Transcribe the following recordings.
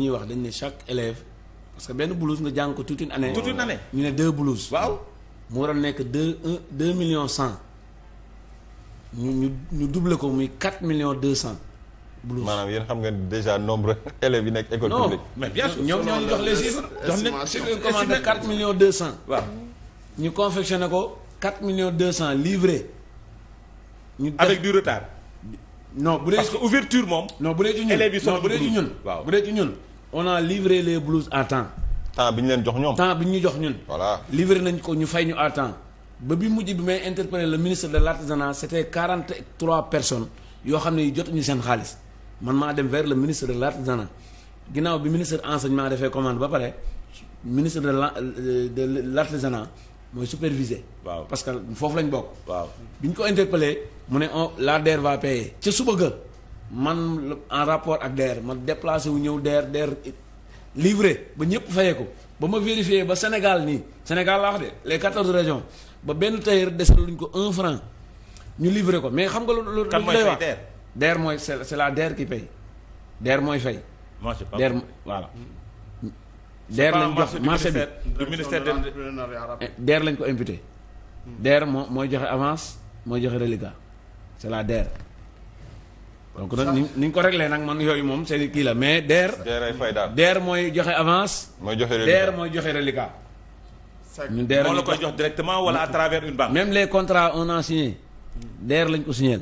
ñuy wax dañ ne chaque élève parce que benn blouse nga jàng ko toute une année. toute une année ñu ne deux blouses. waaw mu waroon nekk deux un deux millions cent. ñu ñu ñu doublé ko muy quatre millions deux cent. blouse maanaam yéen xam nga déjà nombre élèves yi nekk école publique. non mais bien sûr ñoom ñoo jox les chiffres. jox nañ chiffre commande quatre millions deux cent. waaw ñu confectionné ko quatre millions deux cent livré. ñu avec du retard. non bu dee parce ouverture moom. non bu dee ci ñun élèves yi bu dee ci ñun. on a livré les blouses temps. temps bi ñu leen jox ñoom. temps bi ñu jox ñun. voilà livré nañ ko ñu fay ñu à temps ba bi mujj bi may interpellé le ministre de l'artisanat c'était quarante trois personnes yoo xam ne jotuñu seen xaalis man maa dem vers le ministre de l'artisanat ginnaaw bi ministre enseignement defee commande ba pare ministre de la de l'artisanat mooy supervisé. waaw parce que foofu lañ bokk. waaw bi ñu ko interpellé mu ne on la va payer. ca suba man en rapport ak DER man déplacé wu ñëw DER DER livré ba ñëpp fayee ko ba ma vérifié ba Sénégal nii Sénégal laa wax de les quatorze régions ba benn tailleur dese luñ ko un franc ñu livré ko mais xam nga lu lu kan mooy fay DER DER mooy c'est c'est la DER qui paye DER mooy fay. marché pas DER voilà. DER lañ jox marché bi du ministère de eh, DER lañ ko imputé. Hmm. DER moo mooy joxe avance mooy joxe reliquat c'est la DER. donc nag ni ko réglé nag man yooyu moom seen kii mais DER. DER ay fay mooy joxe avance. mooy joxe reliquat mooy joxe reliquat. ñun DER moo la koy jox directement wala à travers une même les contrats on a signé DER lañ ko signé.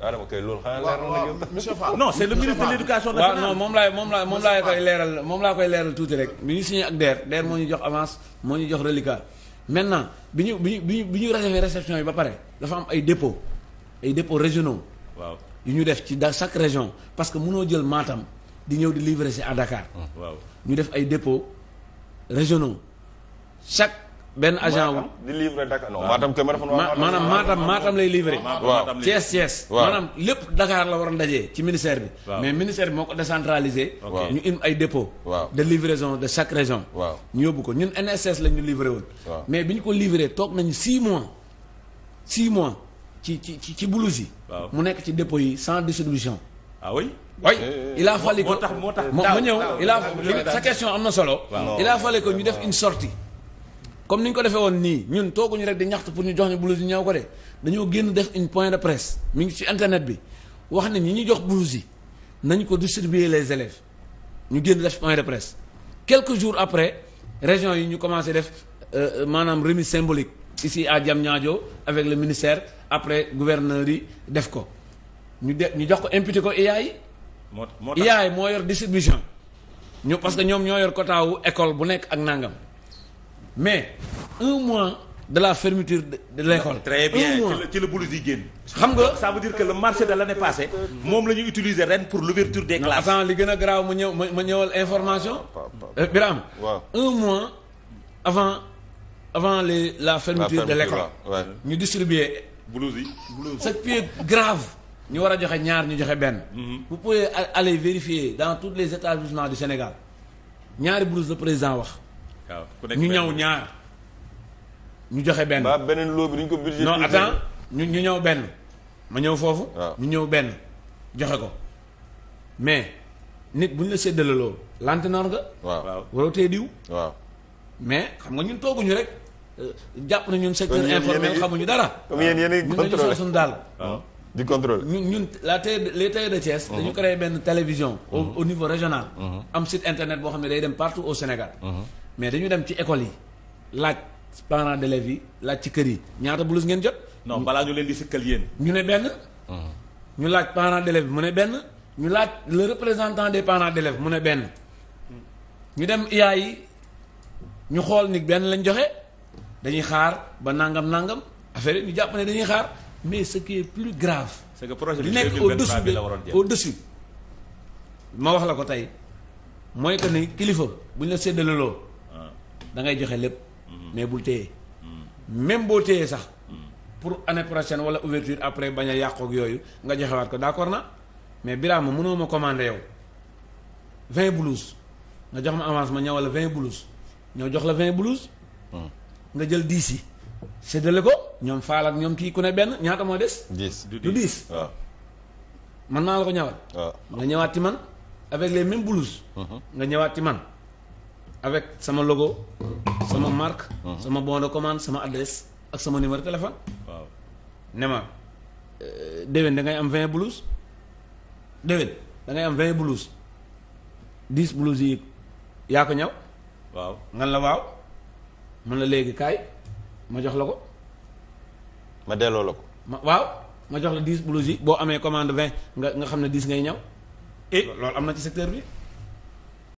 waaw ah, kay loolu xanaa non c'est le ministre moom laay moom laay moom laay koy leeral moom laa koy leeral tuuti rek. bi ñu signé ak DER DER moo ñu jox avance moo ñu jox reliquat maintenant bi ñu bi ñu bi ñu bi ñu réception yi ba pare dafa am ay dépôts ay dépôts régionaux. waaw yu ñu def ci dans chaque région parce que mënoo jël maatam di ñëw di livrer si à Dakar. Mm, waaw ñu def ay dépôts régionaux chaque. benn agent wu di livrer Dakar non Matam maanaam Matam Matam lay livre waaw Thiès Thiès. maanaam lépp dakaar la waroon dajee ci ministère bi. mais ministère bi moo ko décentralisé. ñu im ay dépôt. de livraison de chaque région. ñu yóbbu ko ñun NSS lañ ñu livré woon. mais bi ñu ko livré toog nañu 6 mois 6 mois. ci ci ci blouse yi. mu nekk ci dépôt yi sans distribution. ah oui. oui eh, il a fallu que moo tax moo tax ma ñëw il a sa question am na solo. il a fallu ñu def in sorti comme ni ñu ko defee woon nii ñun tooguñu rek di ñaxtu pour ñu jox ñu blouse yi ñëw ko de dañoo génn def une point de presse mi ngi ci internet bi wax ne ñi ñu jox blouse yi nañu ko distribuer les élèves ñu génn def point de presse. quelques jours après région yi ñu commencé def euh, euh, maanaam remise symbolique ici à Diamniadio avec le ministère. après gouverneur yi def ko ñu de ñu jox ko imputé ko IA yi. moo moo tax IA yi moo yor distribution. ñu parce que ñoom ñoo yor quota école bu nekk ak nangam mais un mois de la fermeture de l' très bien ci la boulot yi génn. xam nga ça veut dire que le marché de l' année moom la ñu utiliser ren pour l'ouverture des classes. non attends li gën a garaaw ma ñëw ma ñëwal information. Ah, euh, biram un mois avant avant les la fermeture de l' ñu distribuer blouse yi. chaque pied grave. ñu war a joxe ñaar ñu joxe benn. Mhm. vous pouvez aller vérifier dans tous les établissements du Sénégal ñaari blouse le président wax. waaw ku ñu ñaw ñaar ñu joxe benn. waaw beneen loo bi duñ ko budgétiser non attends ñu ñu ñëw benn ma ñëw foofu. ñu ñëw benn joxe ko mais nit bu ñu la séddale loolu. lantinoor nga. waaw waroo tee diw. waaw mais xam nga ñun tooguñu rek. jàpp na ñun secteur informel xamuñu dara. comme yéen yéen a ngi contrôlé ñun dañu suñu daal. Ah. di contrôler ñun ñun la télé e les télé e de Thiès. Uh-huh. dañu créé benn télévision. au uh-huh. niveau régional. Uh-huh. am site internet boo xam ne day dem partout au Sénégal. mais dañu dem ci école yi laaj parents d'élèves yi laaj ci kër yi ñaata blouse ngeen jot. balaa ñu leen di sikkal yéen. ñu ne benn. ñu laaj parents d'élèves mu ne benn. ñu laaj le représentant des parents d'élèves mu ne benn. ñu dem IA yi ñu xool ni benn dañuy xaar ba nangam nangam affaire ñu jàpp ne dañuy xaar mais ce qui est plus grave. c'est que projet bi nekk au dessus de au dessus ma wax la ko tey mooy que ni kilifa bu ñu la séddaleloo. Ah. da ngay joxe lépp. Mm-hmm. mais bul téye. Mm-hmm. même boo téyee sax. Mm-hmm. pour année prochaine wala ouverture après bañ a yàqoog yooyu nga joxewaat ko d'accord na mais Birama mënoo ma commandé yow vingt blouses nga jox ma avance ma ñëwal la vingt blouses ñëw jox la vingt blouses. Mm. nga jël dix yi seddale ko ñoom faal ak ñoom kii ku ne benn ñaata moo des. dix du dix waaw ah. man maa la ko ñawal. Ah. nga ñëwaat ci man avec les mêmes blouses. Mhm. nga ñëwaat ci man avec sama logo sama mhm. marque. Mhm. sama bon de commande sama adresse ak sama numéro téléphone. waaw ne ma euh, déwén da ngay am vingt blouses déwén da ngay am vingt blouses dix blouses yi yaa ko ñaw. waaw ngan la waaw. man na léegi kaay ma jox la ko. ma delloo la ko. ma waaw ma jox la dix blouses yi boo amee commande vingt nga nga xam ne dix ngay ñaw. et eh, loolu am na ci secteur bi.